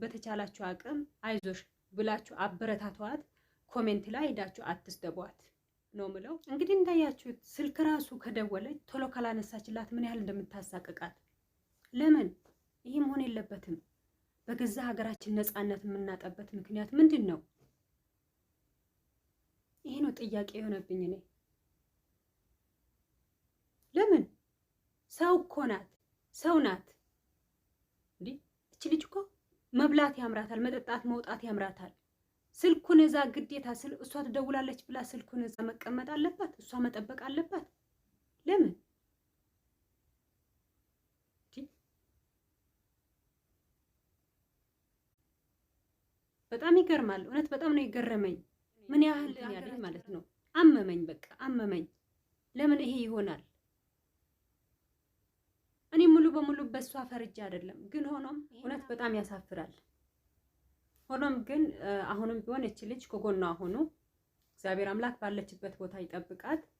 በተቻላችሁ አቅም አይዞሽ ብላችሁ አበረታቷት። ኮሜንት ላይ ሄዳችሁ አትስደቧት ነው ምለው። እንግዲህ እንዳያችሁት ስልክ ራሱ ከደወለች ቶሎ ካላነሳችላት ምን ያህል እንደምታሳቅቃት ለምን? ይህ መሆን የለበትም። በገዛ ሀገራችን ነፃነት የምናጣበት ምክንያት ምንድን ነው? ይህ ነው ጥያቄ የሆነብኝ እኔ። ለምን ሰው እኮ ናት፣ ሰው ናት እንዲህ እች ልጅ እኮ መብላት ያምራታል፣ መጠጣት መውጣት ያምራታል። ስልኩን እዛ ግዴታ እሷ ትደውላለች ብላ ስልኩን እዛ መቀመጥ አለባት፣ እሷ መጠበቅ አለባት። ለምን በጣም ይገርማል። እውነት በጣም ነው የገረመኝ። ምን ያህል ያለኝ ማለት ነው። አመመኝ፣ በቃ አመመኝ። ለምን ይሄ ይሆናል? በሙሉ በእሷ ፈርጃ አይደለም፣ ግን ሆኖም እውነት በጣም ያሳፍራል። ሆኖም ግን አሁንም ቢሆን እች ልጅ ከጎኗ ሆኑ። እግዚአብሔር አምላክ ባለችበት ቦታ ይጠብቃት።